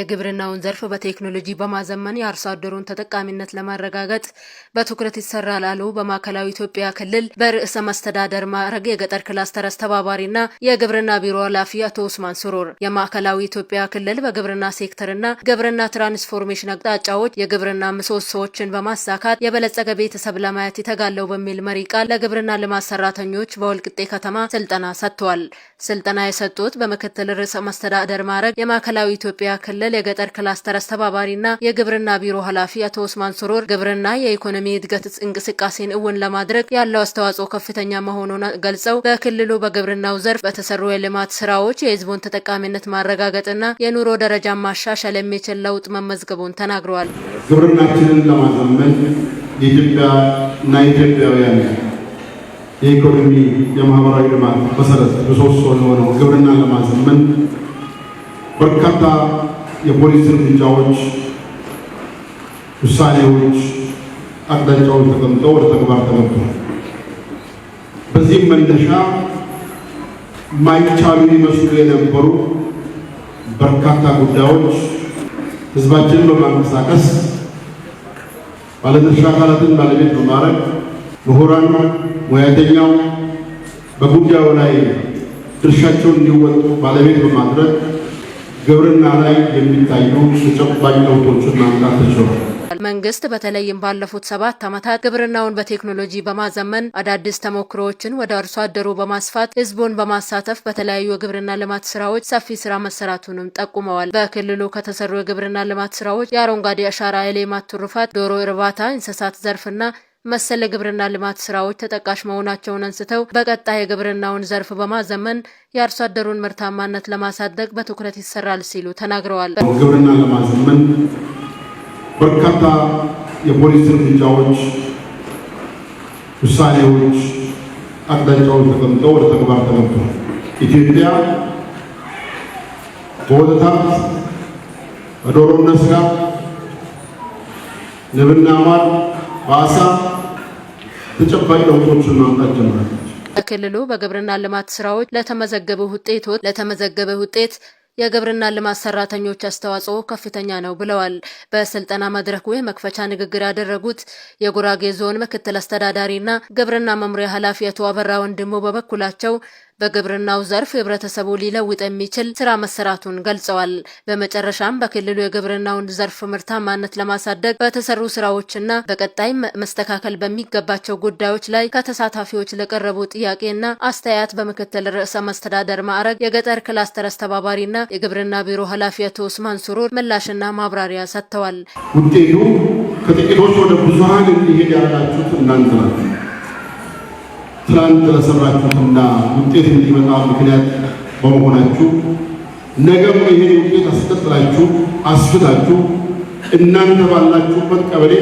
የግብርናውን ዘርፍ በቴክኖሎጂ በማዘመን የአርሶ አደሩን ተጠቃሚነት ለማረጋገጥ በትኩረት ይሰራ አሉ በማዕከላዊ ኢትዮጵያ ክልል በርዕሰ መስተዳደር ማዕረግ የገጠር ክላስተር አስተባባሪና የግብርና ቢሮ ኃላፊ አቶ ኡስማን ስሩር የማዕከላዊ ኢትዮጵያ ክልል በግብርና ሴክተርና ግብርና ትራንስፎርሜሽን አቅጣጫዎች የግብርና ምሰሶዎችን በማሳካት የበለጸገ ቤተሰብ ለማየት የተጋለው በሚል መሪ ቃል ለግብርና ልማት ሰራተኞች በወልቅጤ ከተማ ስልጠና ሰጥቷል። ስልጠና የሰጡት በምክትል ርዕሰ መስተዳደር ማዕረግ የማዕከላዊ ኢትዮጵያ ክልል ክልል የገጠር ክላስተር አስተባባሪና የግብርና ቢሮ ኃላፊ አቶ ኡስማን ሱሩር ግብርና የኢኮኖሚ እድገት እንቅስቃሴን እውን ለማድረግ ያለው አስተዋጽኦ ከፍተኛ መሆኑን ገልጸው በክልሉ በግብርናው ዘርፍ በተሰሩ የልማት ስራዎች የህዝቡን ተጠቃሚነት ማረጋገጥና የኑሮ ደረጃን ማሻሻል የሚችል ለውጥ መመዝገቡን ተናግረዋል። ግብርናችንን ለማዘመን የኢትዮጵያና ኢትዮጵያውያን የኢኮኖሚ የማህበራዊ ልማት መሰረት ምሰሶ የሆነው ግብርናን ለማዘመን በርካታ የፖሊስ እርምጃዎች፣ ውሳኔዎች፣ አቅጣጫዎች ተቀምጠው ወደ ተግባር ተገብቷል። በዚህም መነሻ ማይቻሉ ይመስሉ የነበሩ በርካታ ጉዳዮች ህዝባችንን በማንቀሳቀስ ባለድርሻ አካላትን ባለቤት በማድረግ ምሁራን፣ ሙያተኛው በጉዳዩ ላይ ድርሻቸውን እንዲወጡ ባለቤት በማድረግ ግብርና ላይ የሚታዩ ተጨባጭ ለውጦችን ማምጣት ተችሏል። መንግስት በተለይም ባለፉት ሰባት ዓመታት ግብርናውን በቴክኖሎጂ በማዘመን አዳዲስ ተሞክሮዎችን ወደ አርሶ አደሩ በማስፋት ህዝቡን በማሳተፍ በተለያዩ የግብርና ልማት ስራዎች ሰፊ ስራ መሰራቱንም ጠቁመዋል። በክልሉ ከተሰሩ የግብርና ልማት ስራዎች የአረንጓዴ አሻራ የሌማት ትሩፋት፣ ዶሮ እርባታ፣ እንስሳት ዘርፍና መሰል የግብርና ልማት ስራዎች ተጠቃሽ መሆናቸውን አንስተው በቀጣይ የግብርናውን ዘርፍ በማዘመን የአርሶ አደሩን ምርታማነት ለማሳደግ በትኩረት ይሰራል ሲሉ ተናግረዋል። ግብርና ለማዘመን በርካታ የፖሊሲ እርምጃዎች፣ ውሳኔዎች፣ አቅጣጫዎች ተቀምጠው ወደ ተግባር ተገብተዋል። ኢትዮጵያ በወተት በዶሮና ስጋ ንብና ማር በአሳ ተጨባጭ ለውጦችን ማምጣት ጀምራለች። በክልሉ በግብርና ልማት ስራዎች ለተመዘገበ ውጤቶች ለተመዘገበ ውጤት የግብርና ልማት ሰራተኞች አስተዋጽኦ ከፍተኛ ነው ብለዋል። በስልጠና መድረኩ የመክፈቻ ንግግር ያደረጉት የጉራጌ ዞን ምክትል አስተዳዳሪና ግብርና መምሪያ ኃላፊ አቶ አበራ ወንድሞ በበኩላቸው በግብርናው ዘርፍ ህብረተሰቡ ሊለውጥ የሚችል ስራ መሰራቱን ገልጸዋል። በመጨረሻም በክልሉ የግብርናውን ዘርፍ ምርታማነት ለማሳደግ በተሰሩ ስራዎችና በቀጣይ መስተካከል በሚገባቸው ጉዳዮች ላይ ከተሳታፊዎች ለቀረቡ ጥያቄና አስተያየት በምክትል ርዕሰ መስተዳደር ማዕረግ የገጠር ክላስተር አስተባባሪና የግብርና ቢሮ ኃላፊ አቶ ኡስማን ሱሩር ምላሽና ማብራሪያ ሰጥተዋል። ውጤቱ ከጥቂቶች ወደ ብዙሀን እንዲሄድ ያላችሁት እናንተ ናችሁ። ትናንት ለሰራችሁትና ውጤት እንዲመጣ ምክንያት በመሆናችሁ ነገም ይህን ውጤት አስቀጥላችሁ አስፍታችሁ እናንተ ባላችሁበት ቀበሌ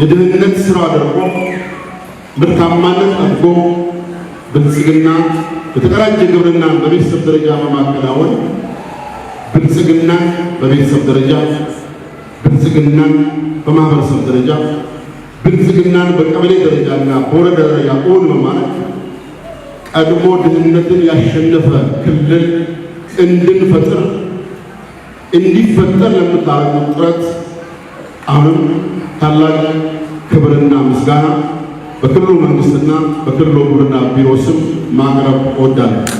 የድህነት ስራ አድርጎ ምርታማነት አድጎ፣ ብልጽግና በተቀራጀ ግብርና በቤተሰብ ደረጃ በማከናወን ብልጽግና በቤተሰብ ደረጃ ብልጽግና በማህበረሰብ ደረጃ ብልጽግናን በቀበሌ ደረጃና በወረዳ ደረጃ እውን በማለት ቀድሞ ድህነትን ያሸነፈ ክልል እንድንፈጥር እንዲፈጠር ለምታረጉ ጥረት አሁንም ታላቅ ክብርና ምስጋና በክልሉ መንግስትና በክልሉ ግብርና ቢሮ ስም ማቅረብ እወዳለሁ።